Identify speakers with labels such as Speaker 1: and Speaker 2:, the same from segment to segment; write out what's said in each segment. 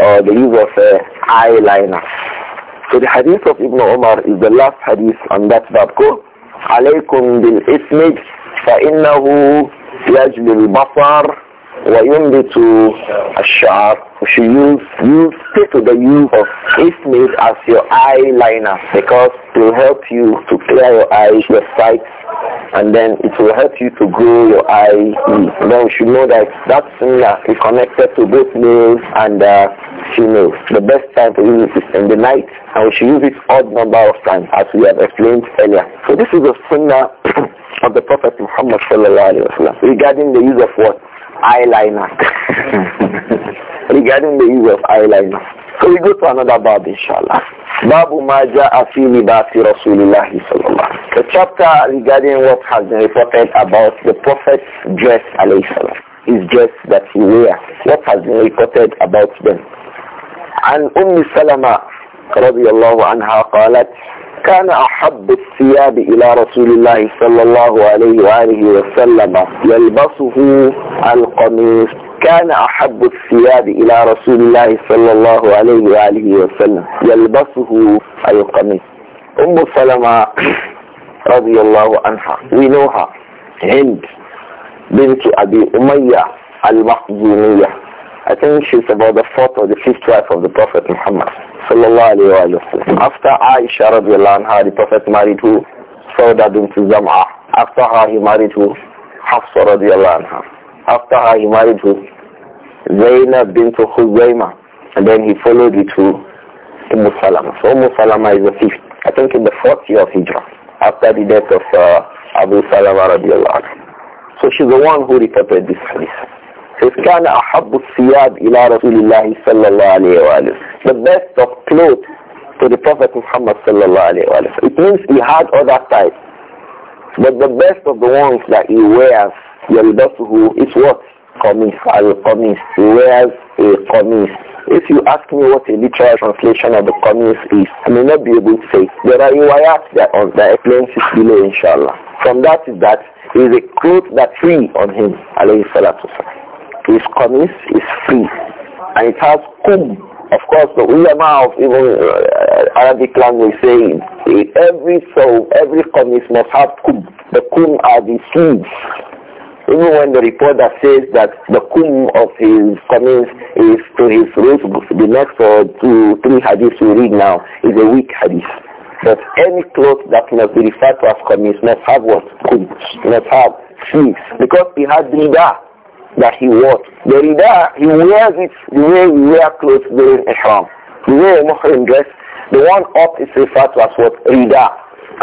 Speaker 1: or uh, the use of uh, eyeliner. So the hadith of Ibn Umar is the last hadith on that bab. Go, alaykum bil ismid فإنه يجلب البصر وينبت الشعر she should use, use stick to the use of ismate as your eyeliner because it will help you to clear your eyes, your sight, and then it will help you to grow your eye. Then she should know that that sunnah is connected to both males and uh, females. The best time to use it is in the night, and we should use it odd number of times, as we have explained earlier. So this is the sunnah of the Prophet Muhammad regarding the use of what? eyeliner. Regarding the use of eyeliner. So we go to another bab, inshallah. Babu Maja Afi bati Rasulullah The chapter regarding what has been reported about the Prophet's dress, alayhi salam. His dress that he wears. What has been reported about them. And أم سلمة رضي الله anha قالت كان أحب الثياب إلى رسول الله صلى الله عليه وآله وسلم يلبسه القميص كان أحب الثياب إلى رسول الله صلى الله عليه وآله وسلم يلبسه القميص أم سلمة رضي الله عنها وينوها هند بنت أبي أمية المخزومية I think she's about the fourth or the fifth wife of the Prophet Muhammad After Aisha radiallahu anha, the Prophet married who? Sauda bint Zam'a. After her, he married who? Hafsa radiallahu anha. After her, he married who? Zainab bint Khuzayma. And then he followed it to Umm Salama. So Umm Salama is the fifth. I think in the fourth year of Hijrah, after the death of uh, Abu Salama radiallahu anha. So she's the one who reported this hadith. كان أحب الثياب إلى رسول الله صلى الله عليه وآله. The best of clothes to the Prophet Muhammad صلى الله عليه وآله. It means he had other types. But the best of the ones that he wears, يلبسه, is what? Qamis, al-Qamis. He wears a Qamis. If you ask me what a literal translation of the Qamis is, I may not be able to say. There are riwayat that on uh, the explains it below, inshallah. From that is that is a cloth that free on him, alayhi salatu wasalam. His qamis is free. And it has kum. Of course, the ulama of even uh, Arabic language say every so every qamis must have kum. The kum are the sleeves. Even when the reporter says that the kum of his qamis is to his roots, the next or uh, two, three hadiths we read now is a weak hadith. But any cloth that must be referred to as qamis must have what? Kum. Must have sleeves. Because he had nidah that he wore. The rida, he wears it the way we wear clothes during ihram. The way a muhrim dress, the one up is referred to as what? Rida.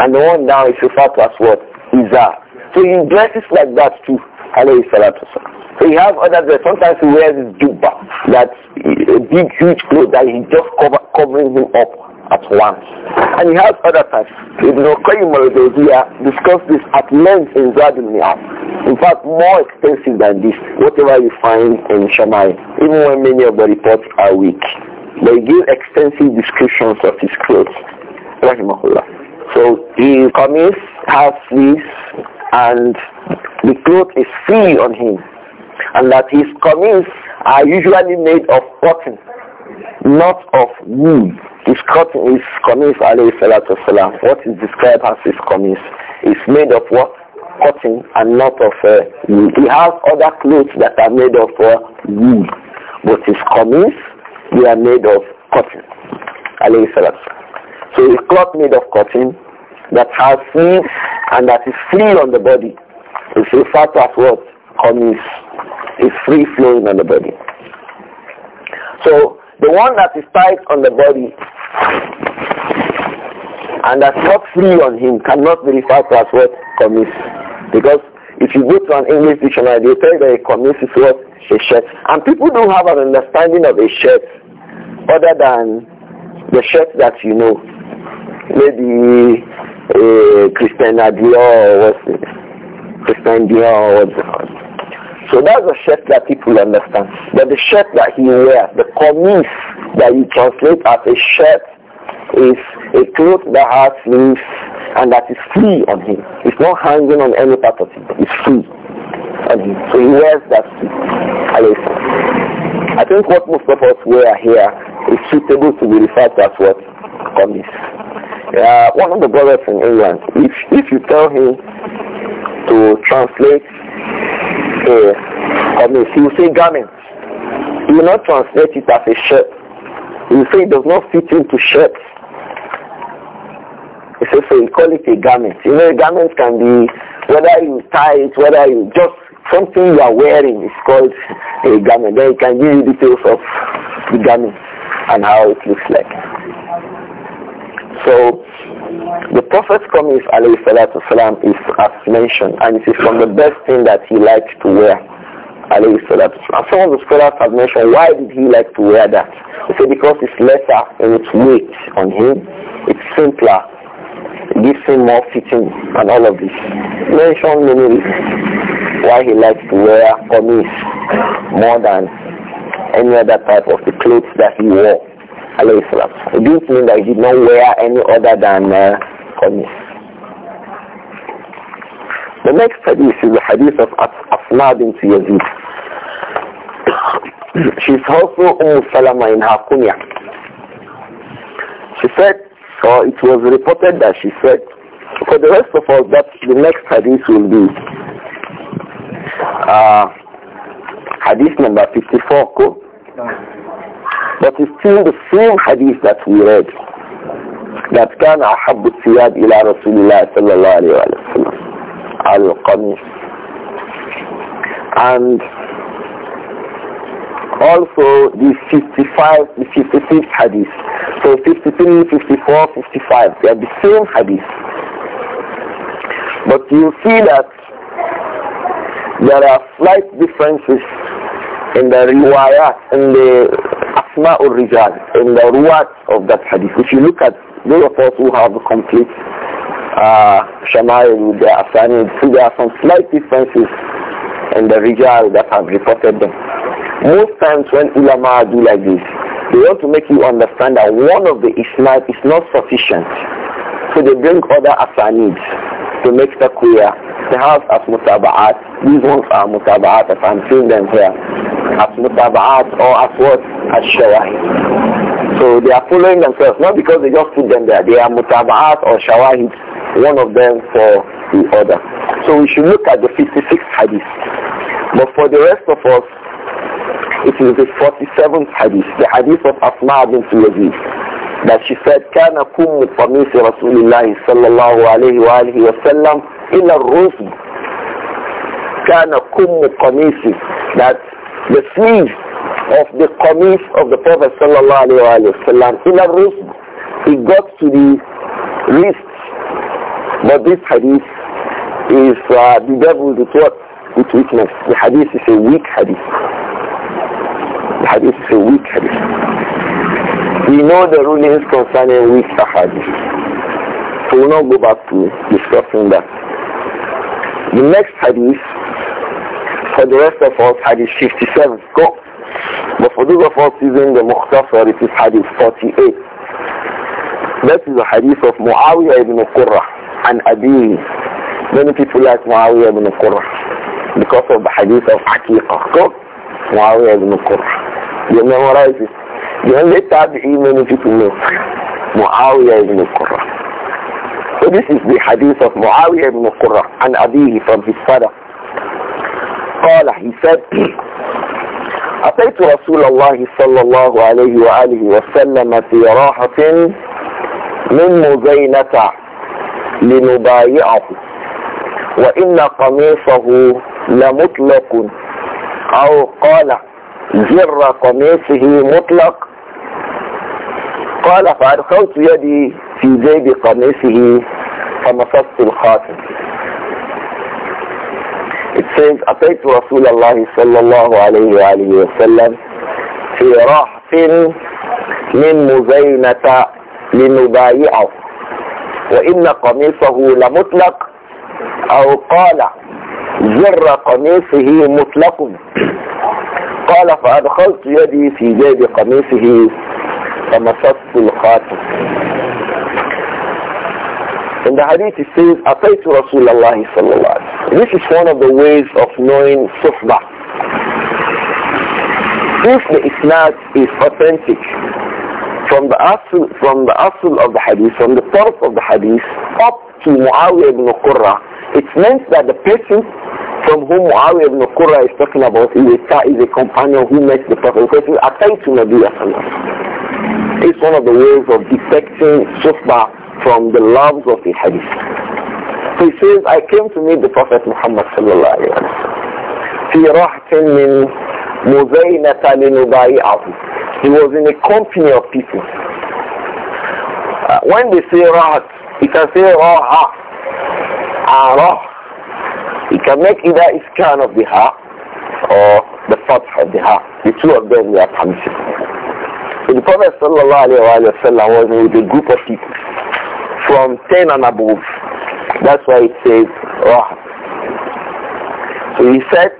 Speaker 1: And the one down is referred to as what? Iza. So he dresses like that too. So he has other dress. Sometimes he wears this jubba. That's a eh, big, huge cloth that he just cover, covering him up at once. And he has other types. Ibn Qayyim al-Jawziyah discussed this at length in Zadul In fact, more extensive than this, whatever you find in Shammai, even when many of the reports are weak. They give extensive descriptions of his clothes. Rahimahullah. So his kameez has this, and the cloth is free on him. And that his kameez are usually made of cotton not of wool. His cotton is kamis alayhi salatu salam. What is described as his kamis is made of what? Cotton and not of uh, wool. He has other clothes that are made of uh, wool. But his kamis, they are made of cotton. Alayhi salatu So a cloth made of cotton that has seams and that is free on the body. It's referred to as what? Kamis. is free flowing on the body. So the one that is tied on the body and that's not free on him cannot be referred to as what commits, Because if you go to an English dictionary, they tell you that a commit is what? A shirt. And people don't have an understanding of a shirt other than the shirt that you know. Maybe a eh, Christian Adio or what's it? Christian Dior or what's it? So that's the shirt that people understand. But the shirt that he wears, the kameez that you translate as a shirt, is a cloth that has sleeves and that is free on him. It's not hanging on any part of it. It's free on him. So he wears that I think what most of us wear here is suitable to be referred to as what? Kameez. Uh, one of the brothers in England, if, if you tell him to translate a, or um, if you say garment, you will not translate it as a shirt. You say it does not fit into shirts. He says, so you call it a garment. You know, a garment can be whether you tie it, whether you just something you are wearing is called a garment. Then you can give you details of the garment and how it looks like. So the Prophet's promise, alayhi salatu salam, is as mentioned, and it is from the best thing that he liked to wear, alayhi salatu salam. Some of the scholars have mentioned, why did he like to wear that? They say because it's lesser in its weight on him, it's simpler, it gives him more fitting, and all of this. Mention many reasons why he likes to wear kameez more than any other type of the clothes that he wore alayhi salam. It didn't mean that he did not wear any other than uh, the next hadith is the hadith of Asma bint Yazid. She's also Umm Salama in her kunya. She said, or it was reported that she said, for the rest of us, that the next hadith will be uh, hadith number 54. But it's still the same hadith that we read that كان أحب الثياب إلى رسول الله صلى الله عليه وسلم القميص and also the 55, the 56th hadith. So 53, 54, 55, they are the same hadith. But you see that there are slight differences in the riwayat, in the asma ul rijal, in the ruwat of that hadith. If you look at those of us who have complete uh, Shamari with their assignment, so there are some slight differences in the Rijal that have reported them. Most times when ulama do like this, they want to make you understand that one of the isnad is not sufficient. So they bring other asanids to make the clear. They have as mutaba'at. These ones are mutaba'at as I'm seeing them here. As mutaba'at or as what? As shawahid. So they are following themselves, not because they just put them there. They are mutaba'at or shawahid, one of them for the other. So we should look at the 56th hadith. But for the rest of us, it is the 47th hadith, the hadith of Asma bin Yazid, that she said, كان كم قميص رسول الله صلى الله عليه وآله وسلم إلى الرزق. كان كم قميص. That the sleeve of the qamis of the Prophet sallallahu alaihi wasallam ila rusb. He got to the wrist. But this hadith is uh, devil with what? With weakness. The hadith is a weak hadith. The hadith is a weak hadith. We know the rulings concerning weak hadith. So we'll not go back to discussing that. The next hadith for the rest of us, hadith 57. Go. But for those of us using the Mukhtasar, it is hadith 48. That is the hadith of Muawiyah ibn Qurrah and Abi. Many people like Muawiyah ibn Qurrah because of the hadith of Aqiqah. Go. Muawiyah ibn Qurrah You memorize it. You only tabi'i many people know. Muawiyah ibn Qurrah So this is the hadith of Muawiyah ibn Qurrah and Abihi from his father. قال حساب أتيت رسول الله صلى الله عليه وآله وسلم في راحة من مزينة لنبايعه وإن قميصه لمطلق أو قال زر قميصه مطلق قال فأدخلت يدي في جيب قميصه فمصدت الخاتم says, أتيت رسول الله صلى الله عليه وآله وسلم في رهط من مزينة لنبايعه وإن قميصه لمطلق أو قال زر قميصه مطلق قال فأدخلت يدي في جيب قميصه فمسست الخاتم In the hadith it says, أَتَيْتُ رَسُولَ اللَّهِ صَلَّى اللَّهُ This is one of the ways of knowing suhbah. If the isnad is authentic, from the asul, from the asul of the hadith, from the source of the hadith, up to Muawiyah ibn Qurra, it means that the person from whom Muawiyah ibn Qurra is talking about is a, is a companion who met the Prophet. Because he attained to Nabi It's one of the ways of detecting suhbah from the loves of the hadith. he says, I came to meet the Prophet Muhammad sallallahu alayhi wa He was in a company of people. Uh, when they say rahat, you can say raha, arah. You can make either iskan of the ha or the fatha of the ha. The two of them are permissible. So the Prophet sallallahu alayhi wa sallam was with a group of people from 10 and above. That's why it says So he said,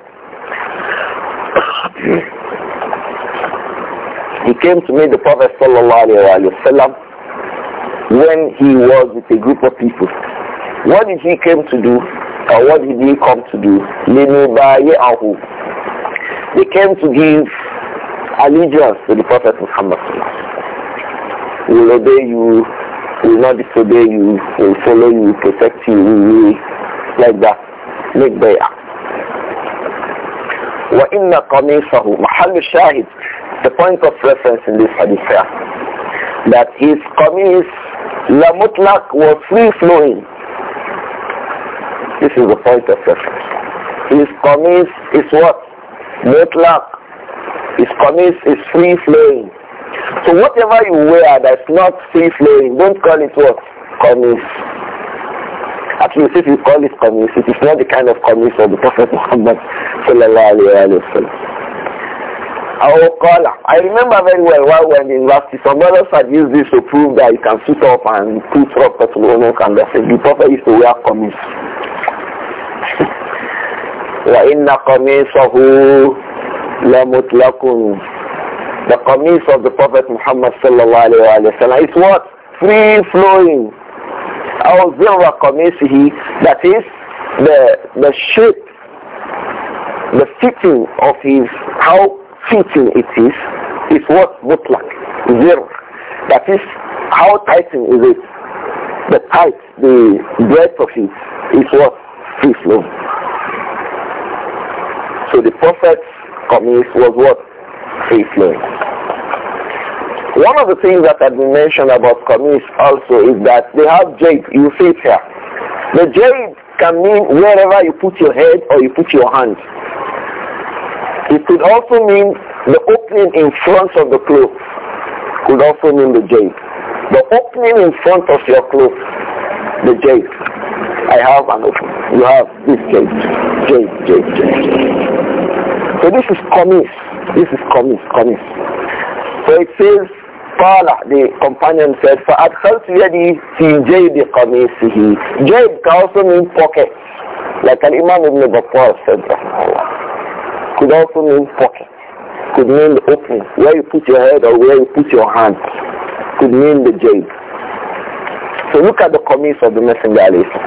Speaker 1: he came to meet the Prophet wasallam when he was with a group of people. What did he came to do? Or what did he come to do? They came to give allegiance to the Prophet Muhammad. We will obey you will not disobey you, will follow you, protect you, will like that. Make bay'ah. وَإِنَّ قَمِيصَهُ مَحَلُّ الشَّاهِدِ The point of reference in this hadith here, that his qamis, la mutlaq, was free-flowing. This is the point of reference. His qamis is what? Mutlaq. His qamis is free-flowing. So whatever you wear that's not free flowing, don't call it what? Kameez. At least if you call it kameez, it is not the kind of kameez of the Prophet Muhammad sallallahu alayhi wa sallam. Our collar. I remember very well while we were in university, some brothers had used this to prove that you can sit up and put up Katulonok and that's it. The Prophet used to wear kameez. وَإِنَّ قَمِيصَهُ لَمُطْلَقٌ the qamis of the Prophet Muhammad sallallahu alayhi wa sallam is what? Free flowing. Our zirra qamisihi, that is the, the shape, the fitting of his, how fitting it is, is what mutlak, zir. That is, how tighten is it? The tight, the breadth of it is what free flowing. So the prophet's qamis was what? free One of the things that had been mentioned about Qamis also is that they have jade, you see it here. The jade can mean wherever you put your head or you put your hand. It could also mean the opening in front of the cloth. Could also mean the jade. The opening in front of your cloth, the jade. I have an opening. You have this jade, jade, jade, jade. So this is Qamis. This is Qamis, Qamis. So it says, قال the companion said فأدخلت يدي de جيب he جيب can also mean pocket like an Imam Ibn Battal said could also mean pocket could mean the opening where you put your head or where you put your hand could mean the jade. so look at the qamis of the Messenger alayhi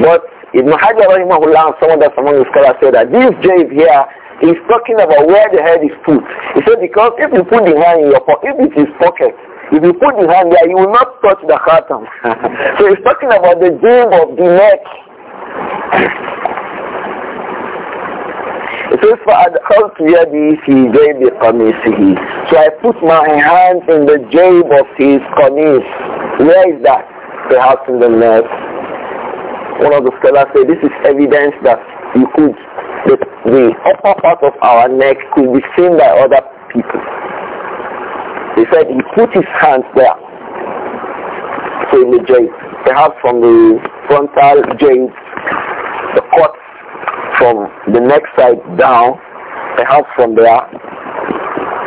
Speaker 1: but Ibn Hajar rahimahullah and some others among the scholars say that this jade here He's talking about where the head is put. He said, because if you put the hand in your pocket, if it is pocket, if you put the hand there, you will not touch the khatam. so he's talking about the jib of the neck. It says, فَأَدْخَلْتُ يَدِي So I put my hand in the jib of his qamis. Where is that? Perhaps in the neck. One of the scholars said, this is evidence that you could that the upper part of our neck could be seen by other people. He said he put his hands there. So in the joint, perhaps from the frontal joint, the cut from the neck side down, perhaps from there,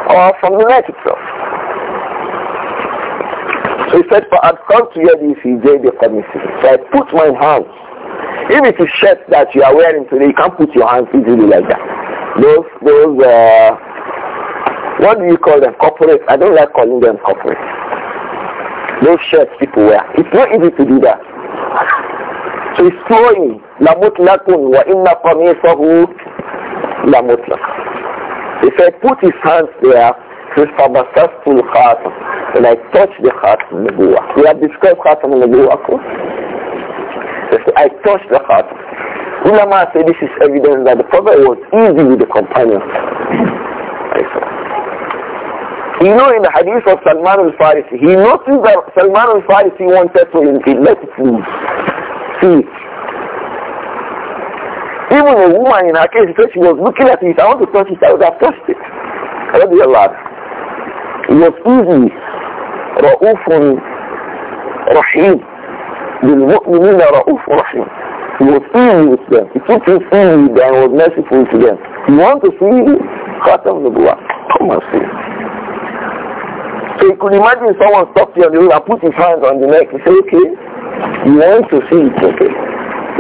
Speaker 1: or from the neck itself. So he said, for I've come to you, he gave the permission. So I put my hands if it is shirt that you are wearing today, you can't put your hands easily like that. Those, those, uh, what do you call them? Corporate. I don't like calling them corporate. Those shirts people wear. It's not easy to do that. So it's flowing. لَمُطْلَقٌ وَإِنَّ قَمِيصَهُ لَمُطْلَقٌ If I put his hands there, فَمَسَسْتُ heart, And I touch the heart the Gua. We have discussed خاتم النبوة especially, I touched the heart. Ulama say this is evidence that the Prophet was easy with the companions. You know in the hadith of Salman al-Farisi, he noticed that Salman al-Farisi wanted to let it loose. See it. Even a woman in her case, she was looking at it. I want to touch it. I would have touched it. I would be allowed. It was easy. Ra'ufun Rahim. بالمؤمنين رؤوف رحيم He was easy with them. He took his easy and was merciful to them. You want to see Khatam Nubuwa? Come and see. So you could imagine someone stopped you on the road and put his hands on the neck. He said, okay, you want to see it, okay.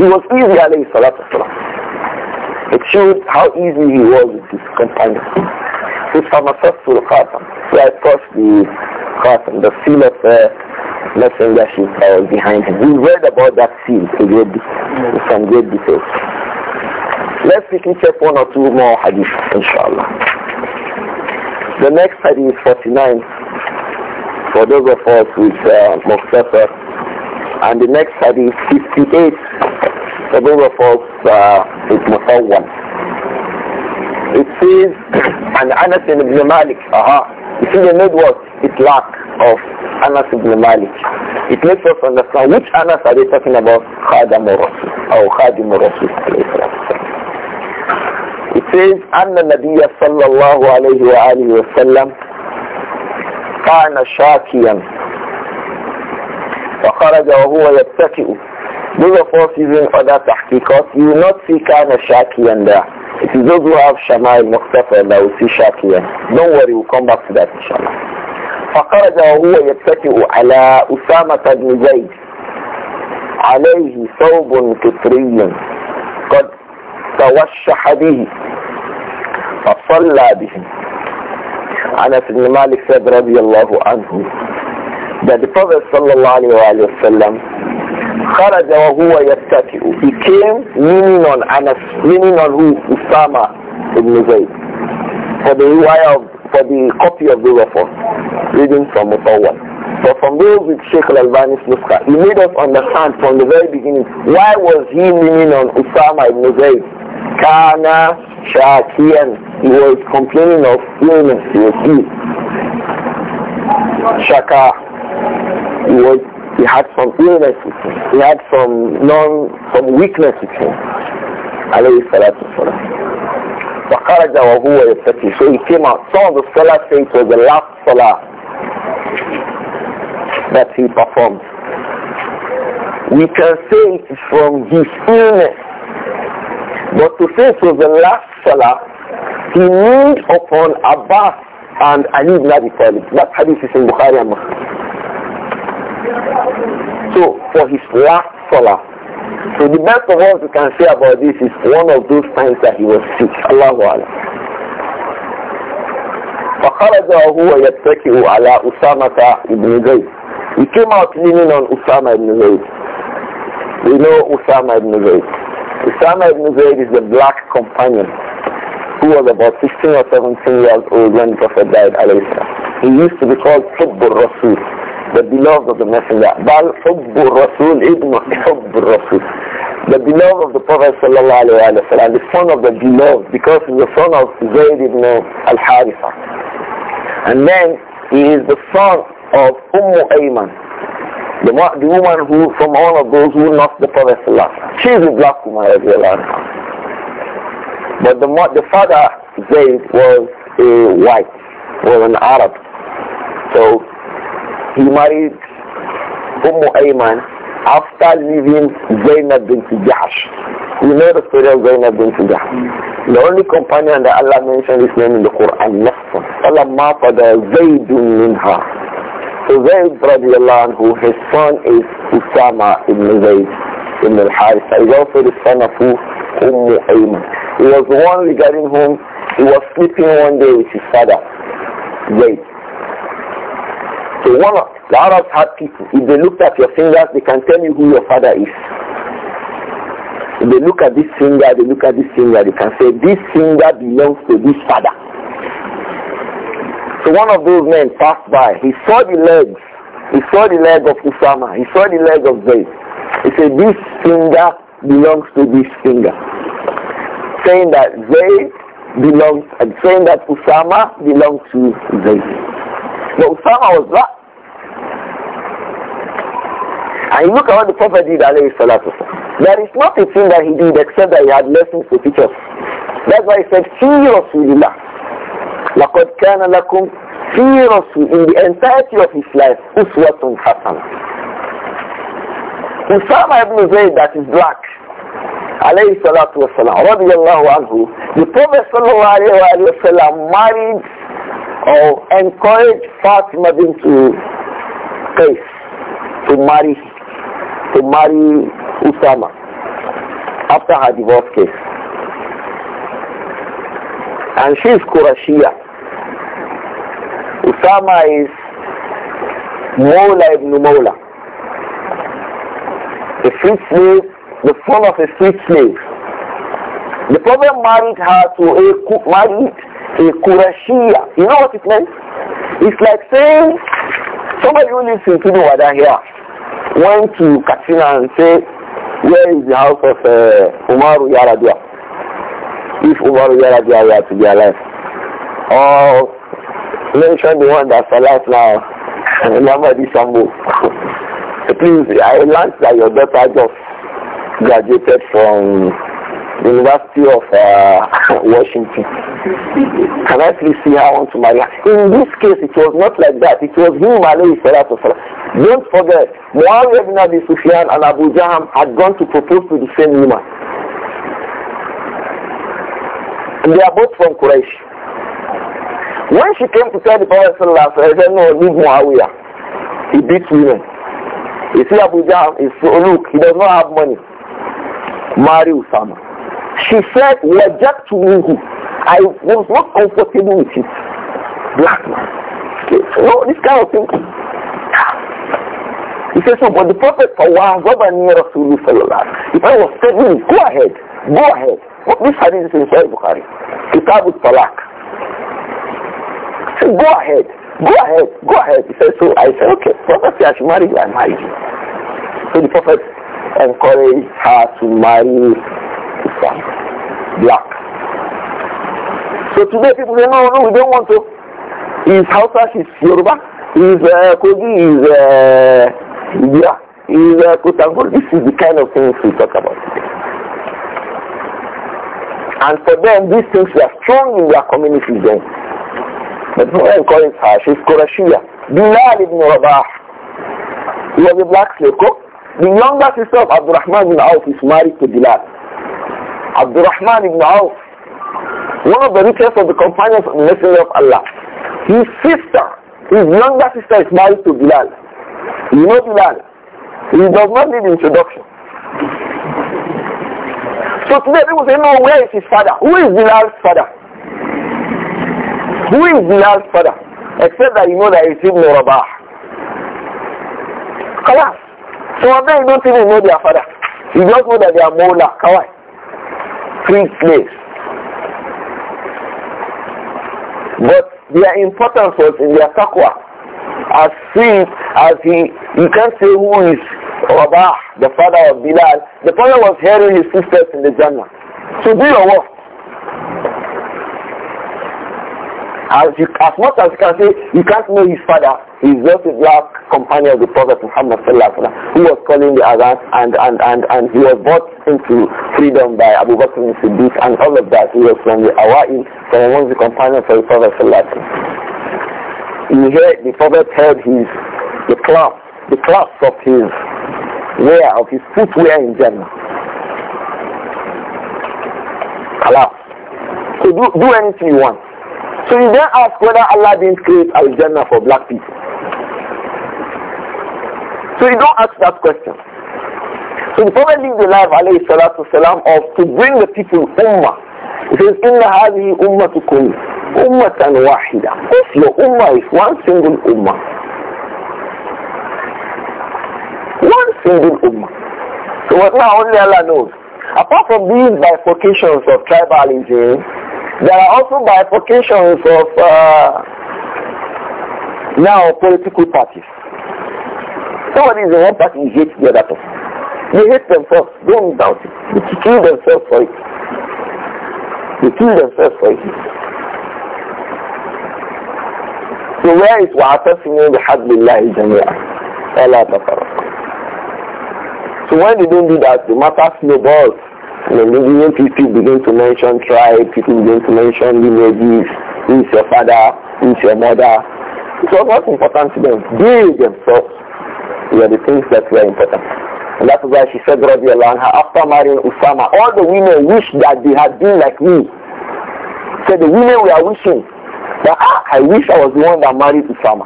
Speaker 1: He was easy, alayhi salatu salam. It showed how easy he was with his companion. So Samasasul Khatam, so I touched the Khatam, the seal of uh, she falls behind him. We read about that seal in great, in some great details. Let's quickly check one or two more hadith, inshallah. The next hadith, 49, for those of us with uh, Mustafa. And the next hadith, 58, for those of us uh, with Musawwan. It says, and Anas ibn Malik, aha, uh -huh. you see the word, it's lack of Anas ibn Malik. It makes us understand which Anas are they talking about? Khadim Rasul or Khadim Rasul. It says, أن النبي صلى الله عليه وآله وسلم كان شاكيا وخرج وهو يبتكئ those of us using other tahqiqat, you will not see kind shakiyan there. It is those who have Shama al-Muqtafa that will see shakiyan. Don't worry, we'll come back to that inshallah. فخرج وهو يتكئ على أسامة بن زيد عليه ثوب كتري قد توشح به فصلى به أنس بن مالك سيد رضي الله عنه بعد فضل صلى الله عليه وآله وسلم خرج وهو يتكئ بكم من أنس من هو أسامة بن زيد فبهواية for the copy of the of reading from Mutawwal. But from those with Sheikh Al-Albani's Nuska, he made us understand from the very beginning why was he leaning on Usama ibn Zayd? Kana Shakian. He was complaining of illness. You see, Shaka. He was he had some illness with him. He had some non some weakness with him. Alayhi salatu salam. وَهُوَ So he came out. Some of the scholars say it was the last salah that he performed. We can say it is from his illness. But to say it was the last salah,
Speaker 2: he leaned
Speaker 1: upon Abbas and Ali ibn Abi Talib. That hadith is in Bukhari and Muslim. So for his last salah, so the best of all we can say about this is one of those times that he was sick. Allahu Akbar. فخرج وهو يتكئ على أسامة بن زيد He came out leaning on Usama ibn Zayd. We know Usama ibn Zayd. Usama ibn Zayd is the black companion who was about 16 or 17 years old when the Prophet died. He used to be called Tubbur Rasul the beloved of the Messenger. Bal hubbu Rasul ibn hubbu Rasul. The beloved of the Prophet sallallahu alaihi wasallam, the son of the beloved, because he's the son of Zayd ibn al-Haritha. And then he is the son of Umm Ayman, the, the woman who, from all of those who lost the Prophet sallallahu alaihi wasallam, sallam. She is a black woman, But the, the father, Zayd, was a white, was an Arab. So he married Umu Ayman after leaving Zainab bin Tijash. You know the story of Zainab bin Tijash. The only companion that Allah mentioned his name in the Quran, Nafsa. فَلَمَّا فَدَى زَيْدٌ مِنْهَا So Zayd radiallahu anhu, his son is Usama ibn Zayd ibn al-Harith. He's also the son of Umu Ayman. He was the one regarding whom he was sleeping one day with his father, Zayd. So one of the Arabs had people, if they looked at your fingers, they can tell you who your father is. If they look at this finger, they look at this finger, they can say, this finger belongs to this father. So one of those men passed by. He saw the legs. He saw the leg of Usama. He saw the leg of Zayd. He said, this finger belongs to this finger. Saying that Zayd belongs, and saying that Usama belongs to Zayd. But Osama was black. And look at what the Prophet did, alayhi salatu There is not a thing that he did except that he had lessons to teach us. That's why he said, Fi Rasulillah. لَقَدْ كَانَ لَكُمْ فِي رَسُولِ In the entirety of his life, Uswatun حَسَنَةٌ Usama ibn Zayd that is black, alayhi salatu wasalam, radiyallahu anhu, the Prophet sallallahu alayhi wa sallam married or encourage Fatima bint Qais to marry to marry Usama after her divorce case. And she is Qurashia. Usama is Mawla ibn Mawla. A free slave, the son of a free slave. The problem married her to a married a Qurashia. You know what it means? It's like saying somebody who lives in Kiduwada here went to Katsina and say, where is the house of uh, Umaru Yaradua? If Umaru Yaradua were to be alive. Or mention the one that's alive now, Namadi Sambo. Please, I learned that your daughter just graduated from University of uh, Washington. Can I please see how want to marry In this case, it was not like that. It was him, alayhi salatu Don't forget, Muawiyah ibn Abi Sufyan and Abu Jaham had gone to propose to the same woman. And they are both from Quraysh. When she came to tell the Prophet sallallahu alaihi wasallam, he said, no, leave Muawiyah. He beats women. You see, Abu Jaham is so, look, he does not have money. Marry Usama. She said, "Reject to me. I was not comfortable with it. Black man. No, this kind of thing. He says, so, but the prophet for one, if I was telling go ahead, go ahead. What this hadith is in Sahih Bukhari. Kitab al-Talaq. He go ahead, go ahead, go ahead. He said, so I said, okay, prophet said I should marry you, I married you. So the prophet encouraged her to marry Pakistan. Black. So today people say, no, no, we don't want to. His Hausa, is Yoruba, is uh, Kogi, is uh, yeah, is uh, This is the kind of things we talk about today. And for them, these things were strong in their communities then. But no one calls her, she's Qurashia. Bilal ibn Rabah. He was a black slave. The younger sister of Abdurrahman bin Auf is married to Bilal. Abdurrahman ibn Auf, one of the richest of the companions of the Messenger of Allah. His sister, his younger sister is married to Bilal. You know Bilal. He does not need introduction. So today people say, no, where is his father? Who is Bilal's father? Who is Bilal's father? Except that you know that it's Ibn Rabah. Kalas. Some of them don't even know their father. You just know that they are Mola. Kawai free slaves. But their importance was in their taqwa. As free as he, you can't say who is Rabah, the father of Bilal. The father was hearing his sisters in the Jannah. So do your work. As, you, as much as you can say, you can't know his father. He's just a black companion of the Prophet Muhammad sallallahu who was calling the Azan and, and, and, and he was brought into freedom by Abu Bakr as Siddiq and all of that. He was from the Awa'il, from among the companions of the Prophet sallallahu He heard, the Prophet heard his, the cloth, the cloth of his wear, of his footwear in general. Allah, So do, do anything you want. So you then ask whether Allah didn't create Al-Jannah for black people. So you don't ask that question. So the Prophet lived the life, alayhi salatu salam, of to bring the people ummah. He says, Inna hadhi ummatukum ummatan wahida. If your ummah is one single ummah. One single ummah.
Speaker 2: So what now only Allah
Speaker 1: knows. Apart from these bifurcations of tribalism, there are also bifurcations of uh, now political parties. Somebody is in one party, You hates the other person. They hate 1st Don't doubt it. They kill themselves for it. They kill themselves for it. So where is وَعَتَصِمُوا بِحَبِّ اللَّهِ جَمِيعًا وَلَا تَفَرَّقُوا So when they don't do that, the matter snowballs. And the women people begin to mention tribe, people begin to mention lineages, who is your father, who is your mother. so what's important to them. They themselves were the things that were important. And that's why she said, Radiallahu anha, after marrying Usama, all the women wished that they had been like me. So the women were wishing that, ah, I wish I was the one that married Usama.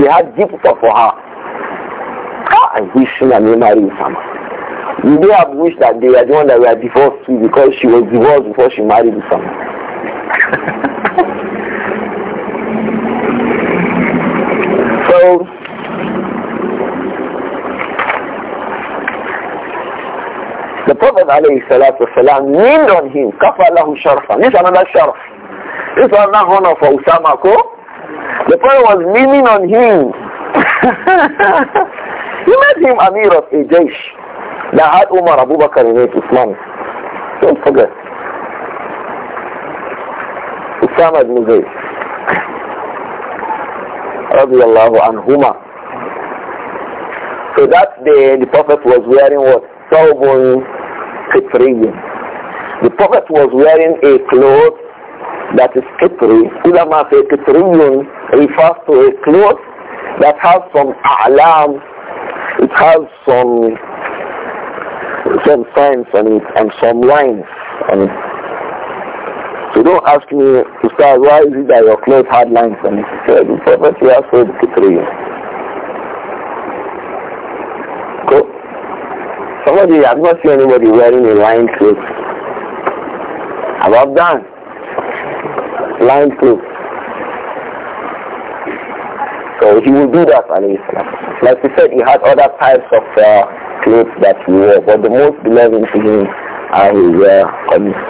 Speaker 1: They had deep for her. Ah, I wish I may marry Usama. We may have wished that they are the one that were divorced to because she was divorced before she married this son? so, the Prophet والسلام, leaned on him. Kafalahu sharfan. This is another sharf. This is another one of Usama Ko. The Prophet was leaning on him. he made him Amir of Ajaysh. Now had Umar Abu Bakr made Islam, don't forget. Usama ibn Zayd, radiallahu anhuma. So that day the Prophet was wearing what? Thawbun Kitriyin. The Prophet was wearing a cloth that is Kitri. Ulama say Kitriyun refers to a cloth that has some a'lam, it has some some signs and and some lines So don't ask me, start, why is it that your clothes had lines on it? Say, the Prophet he has for to three. Go. Somebody, I've not seen anybody wearing a i cloth. About that, Line clothes. So he will do that, he's Like he said, he had other types of uh, clothes that he wore, but the most beloved to him are his uh, clothes.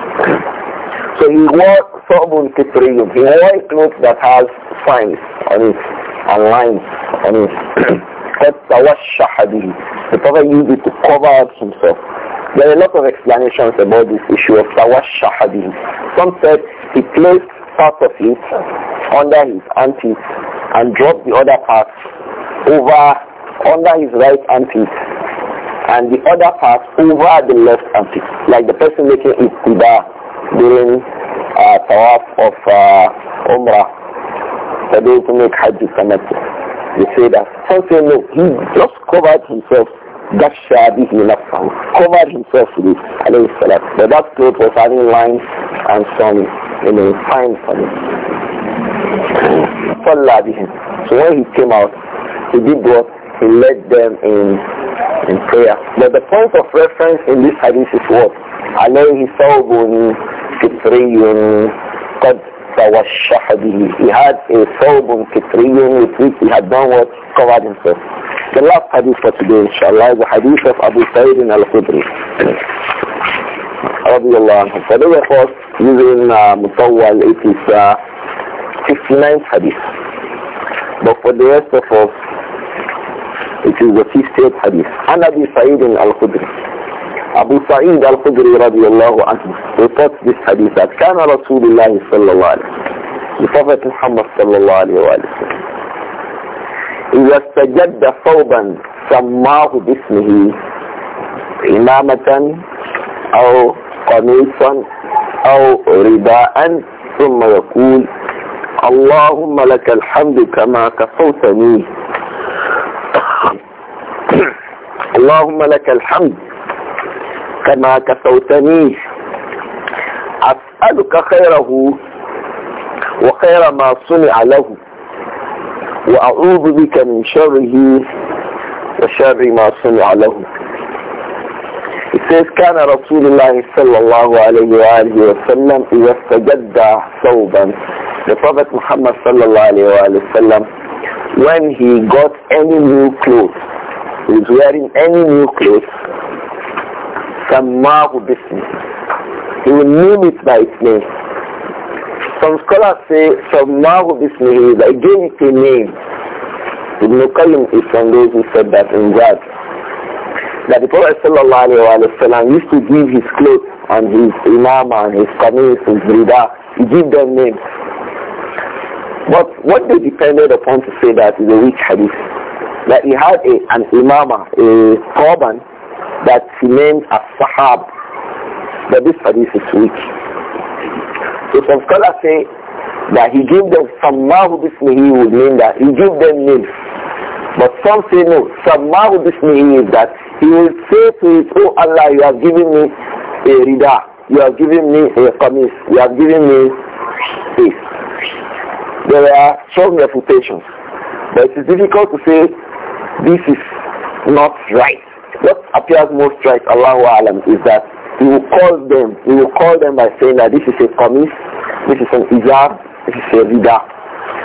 Speaker 1: So he wore Sobun Kipriyum. He wore a cloth that has signs on it and lines on it. the Prophet used it to cover up himself. There are a lot of explanations about this issue of Tawashahadihi. Some said he placed part of it under his armpit and dropped the other part over under his right armpit and the other part over the left armpit, like the person making ittida during uh, tawaf of uh, Umrah, they day to make Hajj connected. They say that. Some say no, he just covered himself. Gasha bihi nafsahu. Covered himself with alayhi salat. But that cloth was having lines and some, you know, signs for it. So when he came out, he did what? he led them in in prayer. But the point of reference in this hadith is what? عليه ثوب فطري قد توشح به. He had a ثوب فطري with which he had done what? Covered himself. The last hadith for today, inshallah, is the hadith of Abu Sa'id al-Khudri. رضي الله عنه فده يخص using مطول uh, it is uh, 59 hadith but for the rest of us It is the 58th hadith. An Abi Sa'id al-Khudri. Abu Sa'id al-Khudri radiallahu anhu reports this hadith that كان رسول الله صلى الله عليه وسلم The Prophet Muhammad صلى الله عليه وسلم إذا استجد صوبا سماه باسمه إمامة أو قميصا أو رداء ثم يقول اللهم لك الحمد كما كفوتني اللهم لك الحمد كما كفوتني أسألك خيره وخير ما صنع له وأعوذ بك من شره وشر ما صنع له says كان رسول الله صلى الله عليه وآله وسلم إذا استجد صوبا The Prophet Muhammad صلى الله عليه وآله وسلم when he got any new clothes is wearing any new clothes, Samahu Bismi. He will name it by its name. Some scholars say Samahu Bismi is again gave it a name. Ibn Qayyim is from those who said that in God. That the Prophet sallallahu alayhi used to give his clothes and his imam and his kameez, his brida, he gave them names. But what they depended upon to say that is a weak hadith that he had a, an imama, a turban that he named a Sahab. But this hadith is weak. So some scholars say that he gave them some Mahu Bismihi would mean that he gave them names. But some say no, some Mahu Bismihi is that he will say to his, oh Allah, you have given me a rida, you have given me a kamis, you have given me this. There are some reputations. But it is difficult to say this is not right. What appears most right, Allahu Alam, is that he will call them, he will call them by saying that this is a promise, this is an ijab, this is a rida.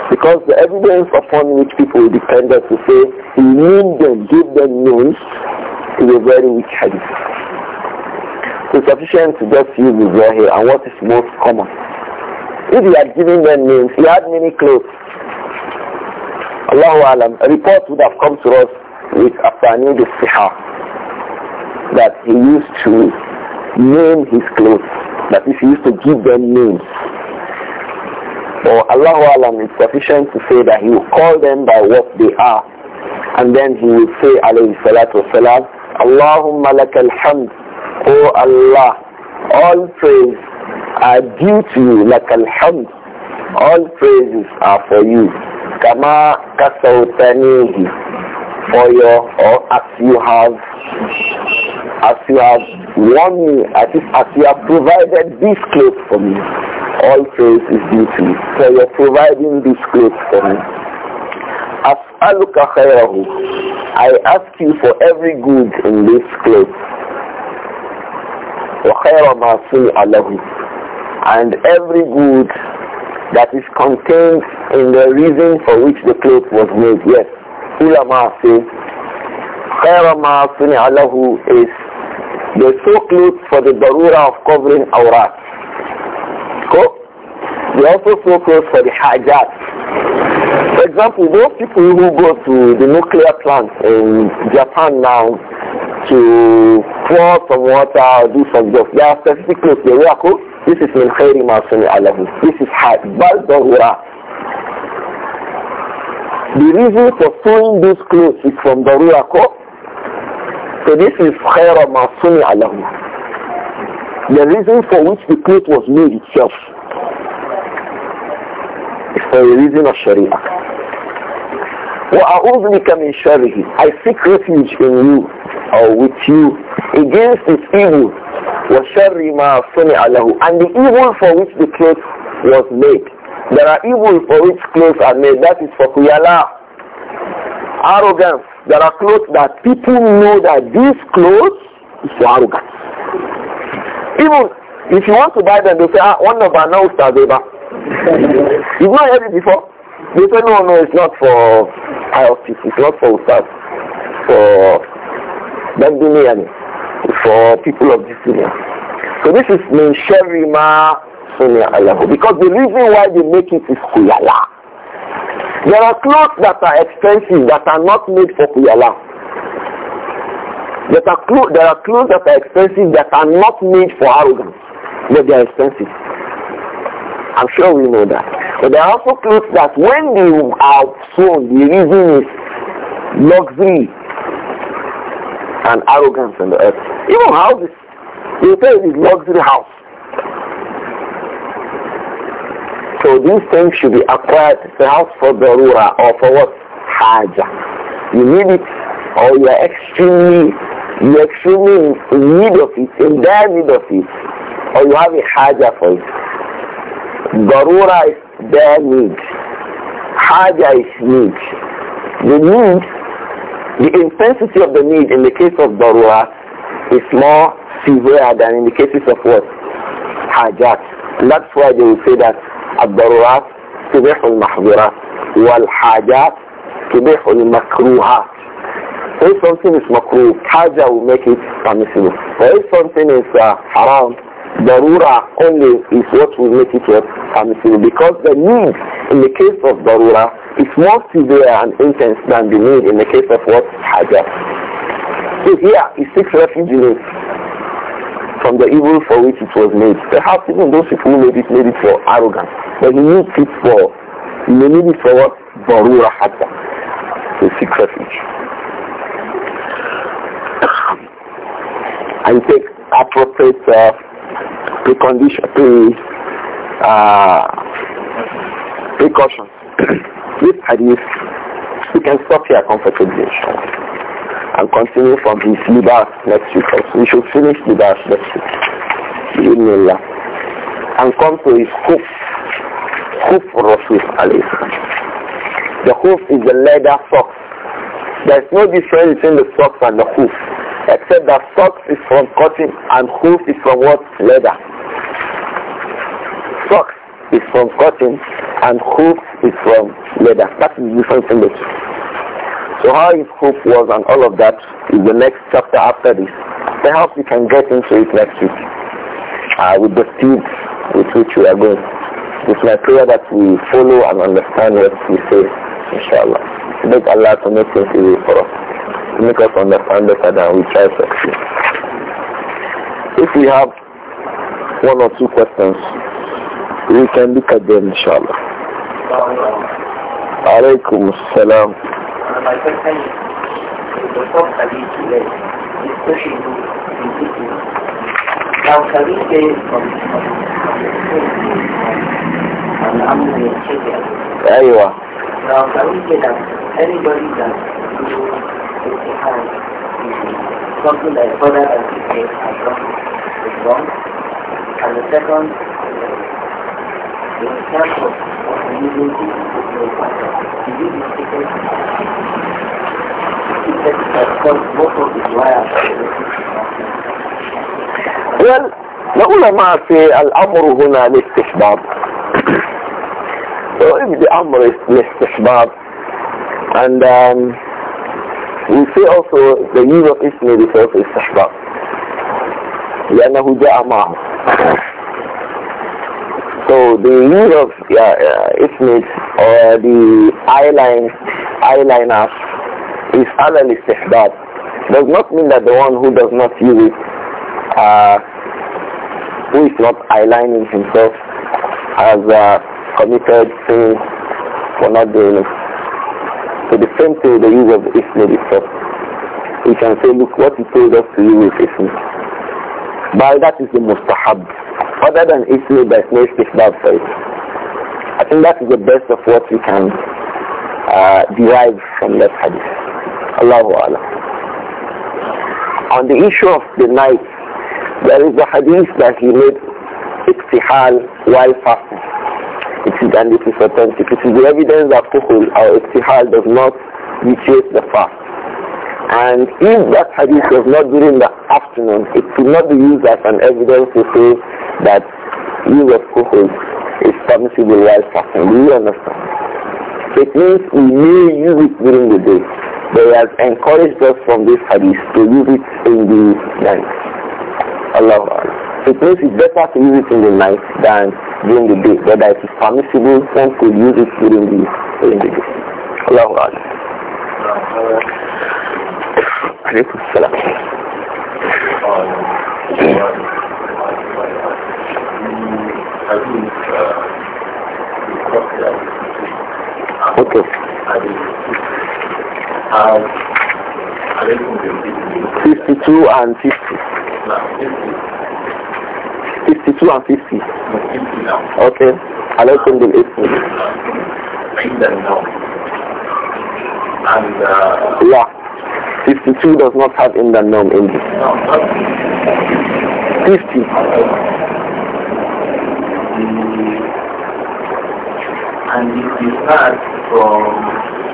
Speaker 1: Because the evidence upon which people will depend to say, he named them, gave them names, is a very weak hadith. So it's sufficient to just use the here and what is most common. If he had given them names, he had many clothes. Allahu Alam, a report would have come to us with Afani the Siha that he used to name his clothes, that is, he used to give them names. Or Allah Allahu Alam is sufficient to say that he will call them by what they are. And then he will say, alayhi salatu wasalam, Allahumma lakal hamd, O Allah, all praise are
Speaker 2: due to you,
Speaker 1: lakal hamd, all praises are for you. Kama kasawtanihi for your or as you have as you have won me, as if as you have provided this clothes for me. All praise is due to you. So you're providing this clothes for me. As aluka khairahu, I ask you for every good in this clothes. وخير ما صنع له and every good that is contained in the reason for which the cloth was made. Yes. Ulama say, Khairama Suni Allahu is the so clothes for the darura of covering awrat. Go. They also so clothes for the hajat. For example, those people who go to the nuclear plant in Japan now to pour some water or do some stuff, they are specific clothes they wear clothes. This is min khayri ma alahu. This is had bal The reason for sewing these clothes is from darura ko. So this is khayra ma alahu. The reason for which the cloth was made itself is for a reason of sharia. وَأَعُوذُ بِكَ مِنْ شَرِهِ I seek refuge in you or with you against this evil وَشَرِّ مَا صُنِعَ لَهُ and the evil for which the clothes was made. There are evils for which clothes are made. That is for kuyala, arrogance. There are clothes that people know that these clothes is for arrogance. Even if you want to buy them, they say, ah, one of our now stars ever. You've not heard it before. This say, no, no, not for IOPs, it's not for us, for Bandiniani, for people of this area. So this is min sharima sunya alahu. Because the reason why they make it is kuyala. There are clothes that are expensive that are not made for kuyala. There are, clothes, there are clothes that are expensive that are not made for arrogance, but they are expensive. I'm sure we know that. But there are also clothes that when they are sewn, the reason is luxury and arrogance on the earth. Even houses, you say it is luxury house. So these things should be acquired house for the ruler or for what? Haja. You need it or you are extremely, you are extremely in need of it, in dire need of it, or you have a Haja for it. Garura is their need. Haja is need. The need, the intensity of the need in the case of Darura is more severe than in the cases of what? Hajat. that's why they will say that الضرورات تبيح المحظورات والحاجات تبيح المكروهات If something is makruh, haja will make it permissible. But if something is uh, haram, Darura only is what will make it what permissible because the need in the case of Darura is more severe and intense than the need in the case of what Hajar. So here he seeks refuge in it from the evil for which it was made. Perhaps even those people who made it made it for arrogance. But he needs it for he need it for what? Darura Hajar. To seek refuge. and take appropriate uh, precondition, pre, uh, precaution. this hadith, we can stop here comfortably and continue from his libas next week. We should finish libas next week. Bismillah. And come to his hoof. Hoof Rasul alayhi The hoof is the leather socks. There's no difference between the socks and the hoof. Except that socks is from cotton and hoof is from what? Leather. Socks is from cotton and hoof is from leather. That is different from the So how his hoof was and all of that is the next chapter after this. Perhaps we can get into it next week uh, with the speed with which we are going. It's my prayer that we follow and understand what he says, inshallah. Make Allah to make things easy for us to make us understand better than we try to explain. If we have one or two questions, we can look at them inshallah. Alaykum salam.
Speaker 3: My question is, the top today, especially in now from and I'm going to check it. Now that anybody that something like further than six days and something is wrong. And the second, the intent of religiosity is no matter. It is mistaken. It is that because most of the wires
Speaker 1: well, العلماء في الأمر هنا الاستحباب so if the أمر is الاستحباب and um, We say also the use of ismi refers to istihbab. لأنه جاء معه. So the use of uh, uh, ismid or the eyeline, eyeliner is alal istihbab. Does not mean that the one who does not use it, uh, who is not eyelining himself, has uh, committed sin for not doing it same thing the use of isnad itself. We can say, look, what he told us to use is isnad. By that is the mustahab. Other than isnad, there is no istihbab for it. I think that is the best of what we can uh, derive from that hadith. Allahu Allah. On the issue of the night, there is a hadith that he made iftihal while fasting. It is, and it is authentic. It is the evidence that Tuhul or Iqtihal does not vitiate the fast. And if that hadith was not during the afternoon, it could not be used as an evidence to say that use of Tuhul is permissible while fasting. Do you understand? It means we may use it during the day. They have encouraged us from this hadith to use it in the night. Allah it means it's better to use it in the night than during the day. Whether it is permissible, one could use it during the, during the day. Long run. Okay.
Speaker 3: Fifty-two
Speaker 1: and fifty. 52 and 50. Okay. Alaykum bil ismi.
Speaker 3: And, uh, yeah.
Speaker 1: 52 does not have in the norm in it. 50.
Speaker 3: Mm. And if you start from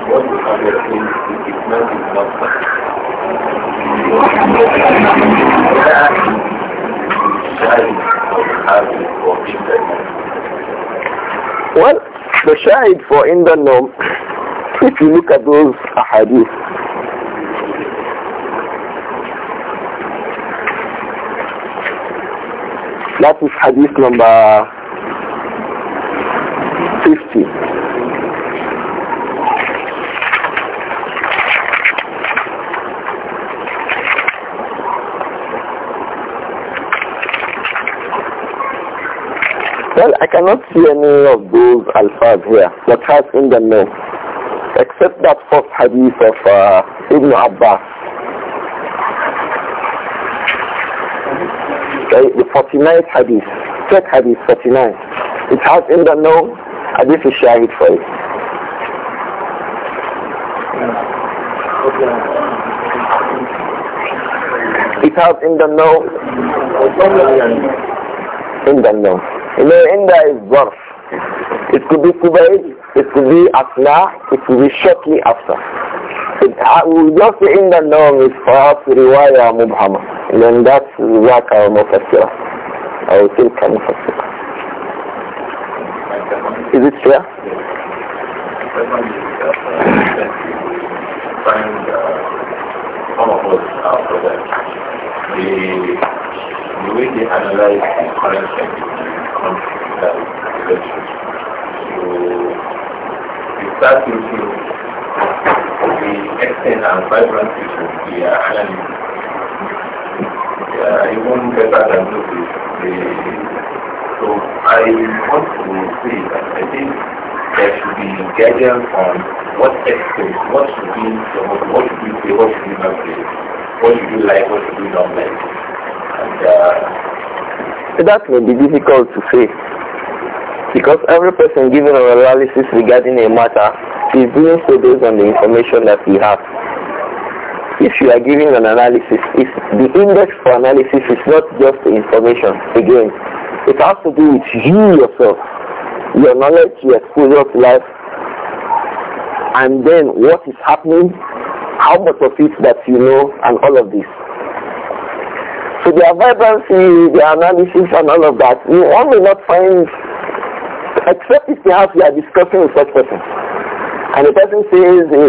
Speaker 3: what you have your things, it is not in one
Speaker 1: well, the shahid for norm. if you look at those hadith, that is hadith number 50. Well, I cannot see any of those alfas here what has in the name, except that first hadith of uh, Ibn Abbas. Okay, the 49th hadith, third hadith 49. It has in the name, and this is shahid for it. It has in the know. in the know. Inda is Zarf. It could be Kubayl, it could be Asna, it could be shortly after. It, uh, we just say Inda Nawm is perhaps Riwaya Mubhama. Then that's Zaka or Mufassira. I will think I'm
Speaker 3: Mufassira. Is it clear? some of us after that, the, the way they analyze the current that relationship. So you start thinking the extent and vibrancy of the analysis. They even better than those. So I want to say that I think there should be guidance on what extent, what should be, what should be, say, what should we not say, what should we like, what should we not like. And uh,
Speaker 1: that may be difficult to say because every person giving an analysis regarding a matter is doing so based on the information that he has. If you are giving an analysis, the index for analysis is not just the information. Again, it has to do with you yourself, your knowledge, your exposure to life, and then what is happening, how much of it that you know, and all of this. So their vibrancy, their analysis and all of that, you one may not find, except if perhaps you are discussing with such person. And the person says, uh,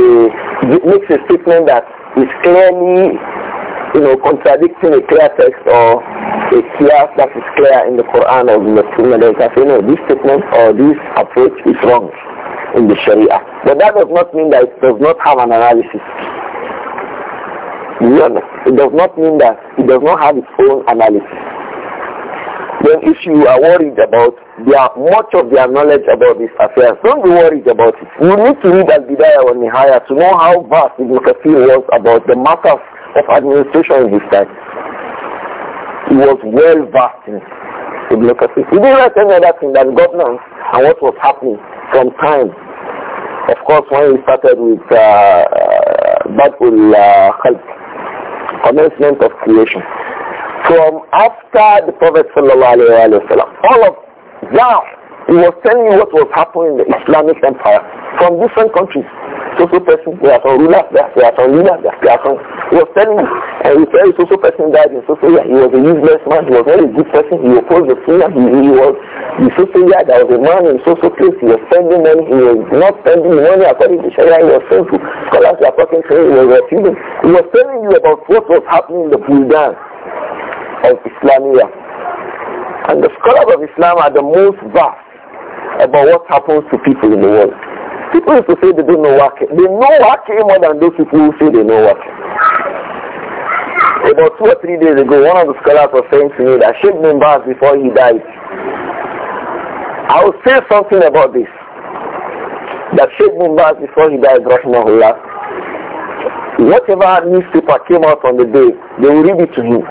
Speaker 1: makes a statement that is clearly, you know, contradicting a clear text or a clear that is clear in the Quran or in the Sunnah. They say, say, no, this statement or this approach is wrong in the Sharia. But that does not mean that it does not have an analysis. It does not mean that it does not have its own analysis. Then if you are worried about their, much of their knowledge about these affairs, don't be worried about it.
Speaker 2: You need to read
Speaker 1: Al-Bidayah wa Nihaya to know how vast Ibn Kathir was about the matters of administration in his time. He was well vast in Ibn Kathir. He didn't write any other thing than governance and what was happening from time of course, when we started with uh, Badul uh, Khalq, commencement of creation. From after the Prophet sallallahu alayhi wa all of that, he was telling you what was happening in the Islamic Empire from different countries. So, so person, there are some rulers there, there are some leaders there, there are some... He was telling you and we tell so so person died in so so He was a useless man. He was not a good person. He opposed the sinner. He, he was in so so There was a man in so so place. He was spending money. He was not spending money according to Sharia. He was sinful. Scholars were talking to him. He was refusing. He was telling you about what was happening in the Buldan of Islamia. And the scholars of Islam are the most vast about what happens to people in the world. People used to say they don't know Waqi. They know Waqi more than those people who say they know Waqi. About two or three days ago, one of the scholars was saying to me that Sheikh bin Baz, before he died, I will say something about this. That Sheikh bin Baz, before he died, Rahimahullah, whatever newspaper came out on the day, they will read it to him.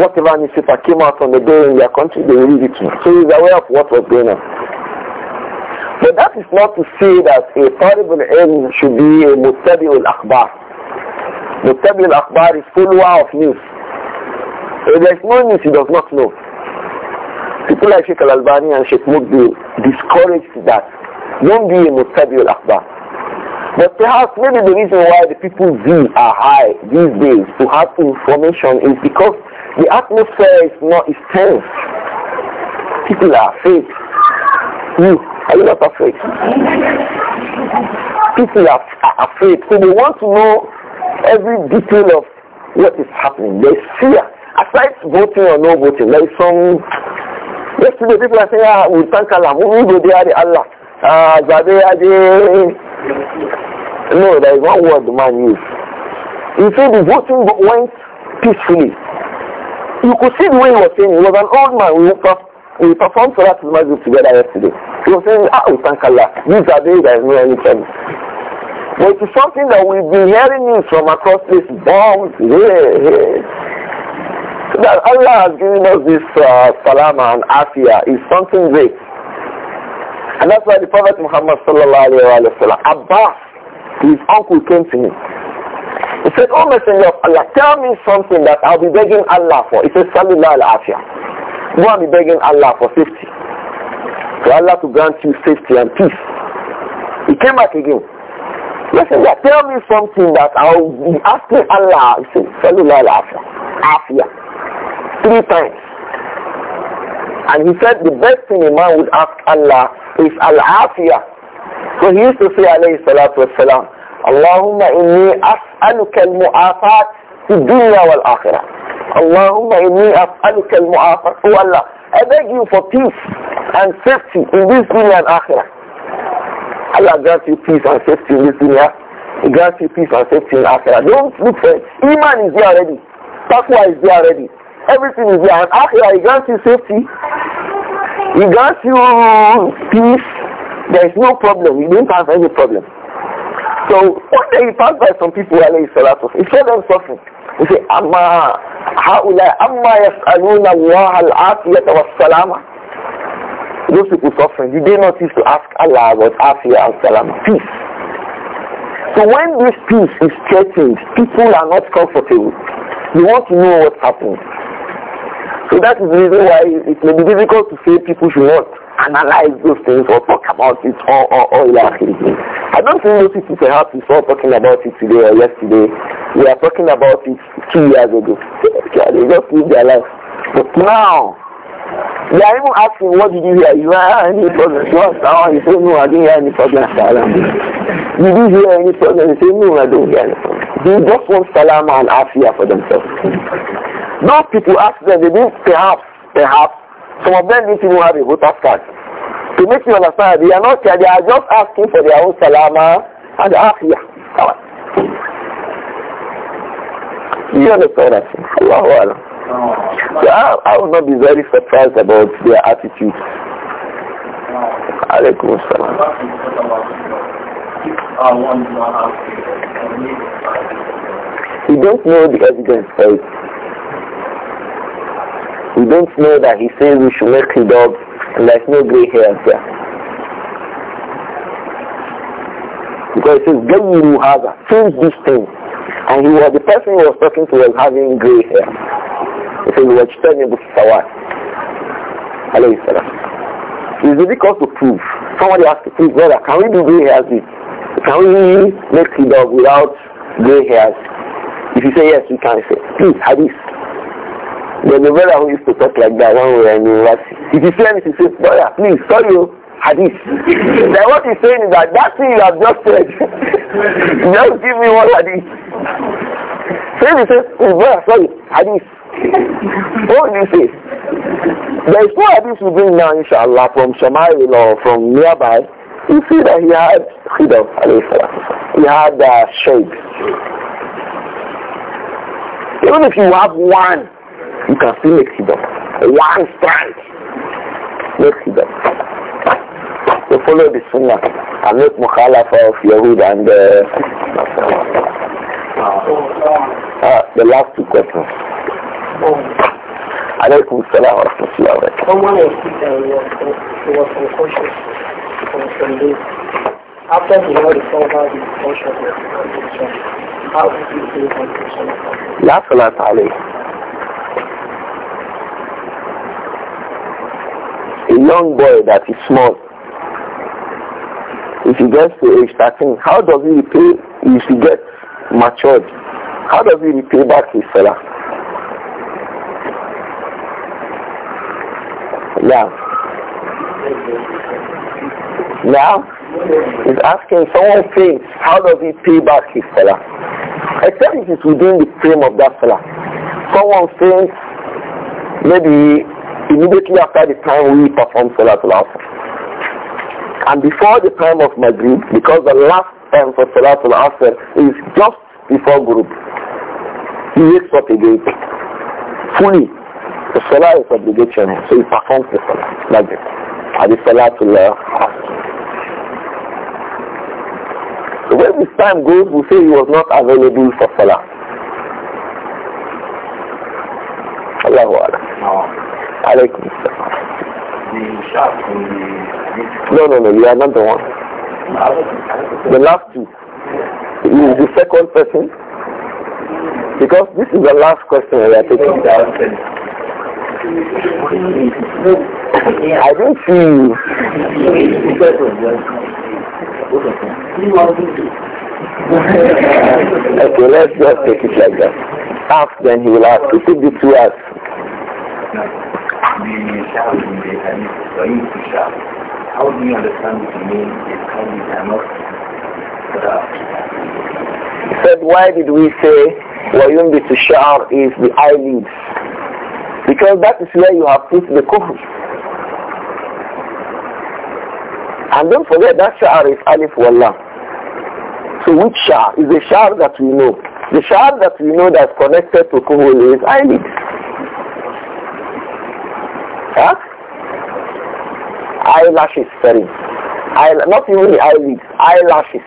Speaker 1: Whatever newspaper came out on the day in their country, they will read it to him. So he's aware of what was going on. But that is not to say that a Talib should be a Muttabi al akbar. Mutabi al Akbar is follower of news. If there is no news, he does not know. People like Sheikh al-Albani and Sheikh Mugdi discouraged that. Don't be a Mutabi al Akbar. But perhaps maybe the reason why the people's view are high these days to have information is because the atmosphere is not is tense. People are afraid. You, are you not afraid? People are, are afraid. So they want to know every detail of what is happening. they is fear. Aside voting or no voting, there is some... Yesterday people are saying, ah, we thank Allah, we go there, Allah. Ah, Zabe, No, there is one word the man used. He said the voting went peacefully. You could see the way he was saying, he was an old man, we, perf- we performed Salat al together yesterday. He was saying, ah, we thank Allah, these are days there is no any problem. But it's something that we've been hearing news from across this bombs here, here.
Speaker 2: So
Speaker 1: that Allah has given us this uh, salama and afia is something great. And that's why the Prophet Muhammad sallallahu alayhi wa sallam, Abbas, his uncle came to him. He said, Oh Messenger of Allah, tell me something that I'll be begging Allah for. He said, Sallallahu alayhi wa Go and be begging Allah for safety. For Allah to grant you safety and peace. He came back again. Messenger, tell me something that I'll be asking Allah. He said, Sallallahu Afia. Three times. And he said the best thing a man would ask Allah is Al-Afia. So he used to say, alayhi salatu wasalam, Allahumma inni as'aluka al-mu'afat fi dunya wal-akhirah. Allahumma inni as'aluka al-mu'afat. Oh Allah, I beg you for peace and safety in this dunya and akhirah. Allah grant you peace and safety in this dunya. He grants you peace and safety in Akhirah. Don't look for it. Iman is there already. Taqwa is there already. Everything is there. And Akhirah, he grants you safety. He grants you peace. There is no problem. You don't have any problem. So one day he passed by some people, alayhi salatu. He saw them suffering. He said, Amma, Amma, هؤلاء أما يسألون الله العافية salama." Those people suffering, did they not used to ask Allah about Afia and Salam? Peace. So when this peace is threatened, people are not comfortable. You want to know what happened. So that is the reason why it may be difficult to say people should not analyze those things or talk about it or, or, or elaborately. I don't think most people perhaps we saw talking about it today or yesterday. We are talking about it two years ago. they just live their life. But now, they are even asking, what did you hear? You heard any problem? You asked someone, you say, no, I didn't hear any problem. Salam. Did you hear any problem? You say, no, I don't hear any problem. They just want salama and afia for themselves. Those people ask them, they didn't, perhaps, perhaps, some of them didn't even have a voter's card. To make you understand, they are not, they are just asking for their own salama and afia. Come on. You understand that? Allahu
Speaker 3: so I,
Speaker 1: I will not be very surprised about their attitude. We don't know the evidence right? We don't know that he says we should make the dog and there's no gray hair there. Because it says, Gayiru Haza, change this thing. And he was, the person he was talking to was having gray hair. يقول واجتنبوا السواد عليه السلام Is it because to prove? Somebody has to prove, brother, can we do grey hairs Can we make the dog without grey hairs? If you say yes, we can say, please, hadith. But the brother who used to talk like that one way and university, if you say anything, say, brother, please, sorry, you, oh, hadith. then what he's saying is that that thing you have just said,
Speaker 2: just give me one
Speaker 1: hadith. So if you say, oh, brother, sorry, hadith what do you say? There is no evidence we bring now, inshallah, from Shama'il or from nearby. You see that he had khidab, he had uh, shade. Even if you have one, you can still make khidab. One strand. Make khidab. So follow the sunnah and make mukhalafa of Yahud and uh, uh, the last two questions. عليكم السلام ورحمة الله وبركاته.
Speaker 3: Someone was he was unconscious for some days. After he now recovered his consciousness and himself, how did he feel like
Speaker 1: لا صلاة عليه. A young boy that is small, if he gets to age 13, how does he repay, if he gets matured, how does he repay back his salah? Now, now, he's asking someone says, how does he pay back his salah? Except it is within the frame of that salah. Someone says, maybe immediately after the time we perform salah al And before the time of Maghrib, because the last time for salah al is just before group, he wakes up again fully the salah is obligatory, so he performs the salah. Like this. And the salah to learn. So when this time goes, we say he was not available for salah. Allahu No, no, no, you are not the one. The last two. is the second person. Because this is the last question we are taking I don't see you.
Speaker 3: okay, let's just take it like that.
Speaker 1: Ask, then he will ask. It will be two us.
Speaker 3: How do you understand the you mean? It can be He said, why did we say Wayumbi
Speaker 1: Tushar is the eyelids? Because that is where you have put the kufr. And don't forget that sha'ar is alif wallah. So which sha'ar? Is the sha'ar that we know. The sha'ar that we know that's connected to kuhul is eyelid. Huh? Eyelashes, sorry. Eyel not even the eyelids, eyelashes.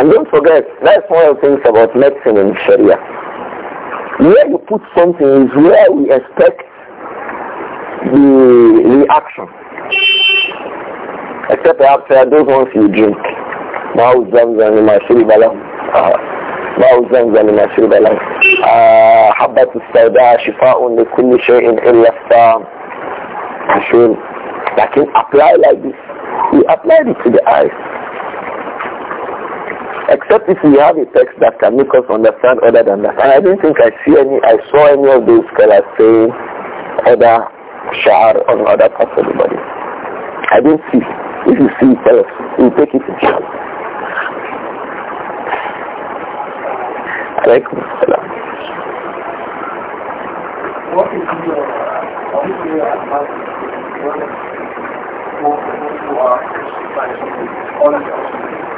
Speaker 1: And don't forget, that's one of the things about medicine in Sharia. Where you put something is where we expect the reaction. Except perhaps there are those ones you drink. Now Zamzam uh, uh, in my Shiribala. Now Zamzam in my Shiribala. Habbatu sada شفاء لكل شيء إلا السام. Ashun. That can apply like this. We apply it to the eyes. Except if we have a text that can make us understand other than that. And I don't think I see any, I saw any of those scholars saying other shahar on other parts of the body. I don't see. If you see, tell us. We'll take it inshallah. Alaykum
Speaker 3: What is your, what is your advice people who are crucified on the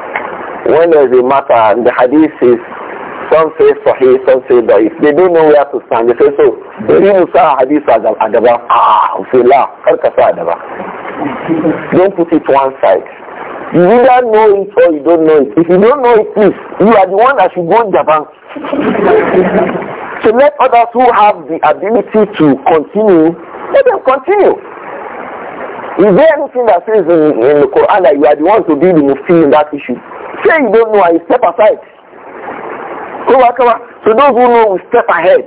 Speaker 1: When there is a matter and the hadith is some say sahih, some say da'if. They don't know where to stand. They say, so, bari musa hadith adab. Ah, say la, karka Don't put it one side. You either know it or you don't know it. If you don't know it, please, you are the one that should go in Japan. so let others who have the ability to continue, let them continue. Is there anything that says in, in the Quran that you are the one to be the mufti in that issue? Say you don't know, I step aside. So, so those who know will step ahead.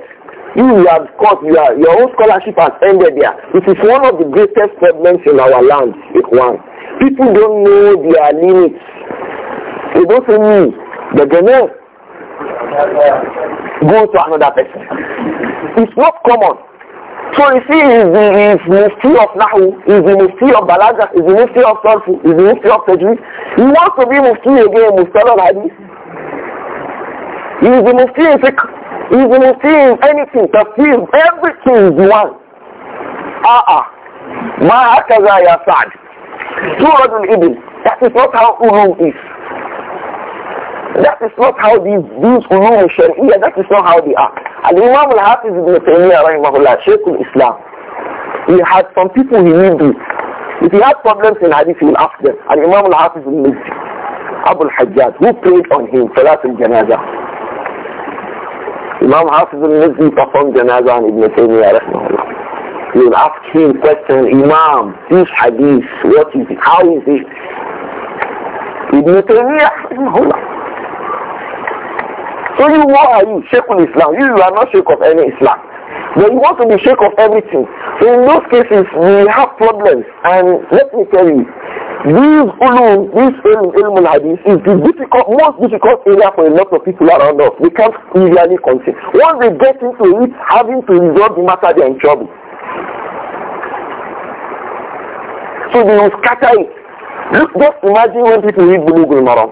Speaker 1: You, you have caught, you are, your own scholarship has ended there. It is one of the greatest problems in our land, it one. People don't know their limits. They don't say me, but they know. Go to another person. It's not common. So you see, he's the, he's mufti of Nahu, he's the mufti of Balaga, he's the mufti of Tolfu, he's the mufti of Tajweed. He wants to be mufti again, mufti of Hadith. He's the mufti in fiqh, he's the mufti in anything, tafsir, everything he wants. Ah ah. Ma hakaza ya Sa'd. Surah al-Ibn. That is not how Ulum is. That is not how these, these ulum sharia, that is not how they are. Al-Imam al-Hafiz ibn Taymiyyah rahimahullah, Shaykh al-Islam, he had some people he knew this. If he had problems in hadith, he will ask them. Al-Imam al-Hafiz ibn Abu al-Hajjaj, who prayed on him, Salat al-Janazah. Imam Hafiz al-Mizzi performed Janazah on Ibn Taymiyyah rahimahullah. He will ask him question, Imam, this hadith, what is it, how is it? Ibn Taymiyyah rahimahullah. So you, what are you? Sheikh of Islam. You, you are not Sheikh of any Islam. But you want to be Sheikh of everything. So in those cases, we have problems. And let me tell you, these ulum, this ilm, ilm al hadith is the difficult, most difficult area for a lot of people around us. They can't clearly conceive. Once they get into it, having to resolve the matter, they're in trouble. So they will scatter it. just imagine when people read Bulugul Maram.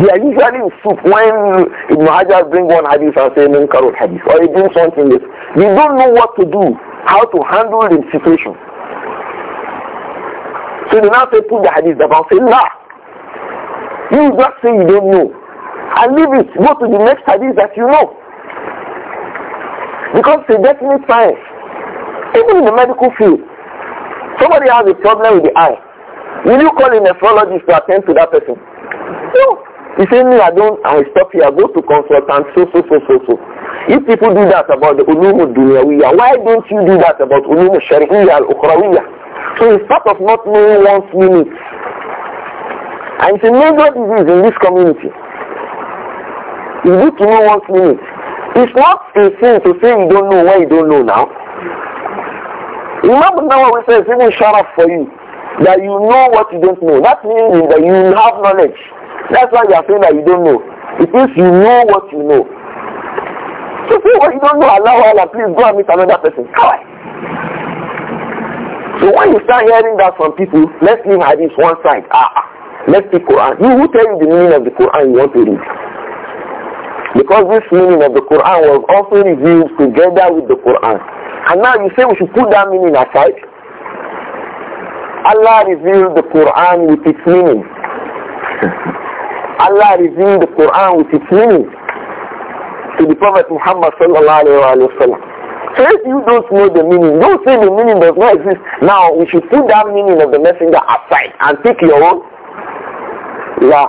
Speaker 1: They are usually in soup when Ibn Hajar bring one hadith and say Munkarul hadith or he bring something this. They don't know what to do, how to handle the situation. So they now say put the hadith down, say la. You just say you don't know. And leave it, go to the next hadith that you know. Because it's a definite science. Even in the medical field, somebody has a problem with the eye. Will you call a nephrologist to attend to that person?
Speaker 2: No.
Speaker 1: He say, me, I don't, I stop here, go to consultant, so, so, so, so, so. If people do that about the Ulumu Dunyawiyah, why don't you do that about Ulumu Shari'iyah al-Ukhrawiyah? So it's part of not knowing one's limits. And it's a major disease in this community. You need to know one's limits. It's not a sin to say you don't know why you don't know now. Remember now what we say, it's even sharp for you, that you know what you don't know. That means that you have knowledge. That's why you are saying that you don't know. It means you know what you know. So say what you don't know, Allah Allah, please go and meet another person. So when you start hearing that from people, let's leave hadith one side. Ah, ah. let's take Quran. You who tell you the meaning of the Quran you want to read. Because this meaning of the Quran was also revealed together with the Quran. And now you say we should put that meaning aside. Allah revealed the Quran with its meaning. Allah revealed the Quran with its meaning to the Prophet Muhammad sallallahu alayhi wa sallam. So if you don't know the meaning, don't say the meaning does not exist. Now we should put that meaning of the messenger aside and take your own. Yeah.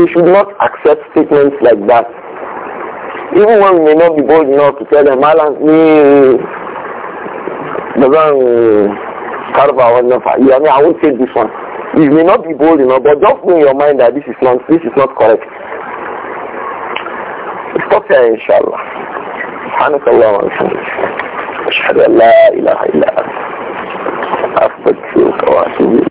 Speaker 1: We should not accept statements like that. Even when we may not be bold enough to tell them, Alan, me, the wrong, Karva, I won't say this one. You may not be bold enough, but just know in your mind that this is not this is not correct. Stop here, inshallah. سبحانك اللهم وبحمدك أشهد أن لا إله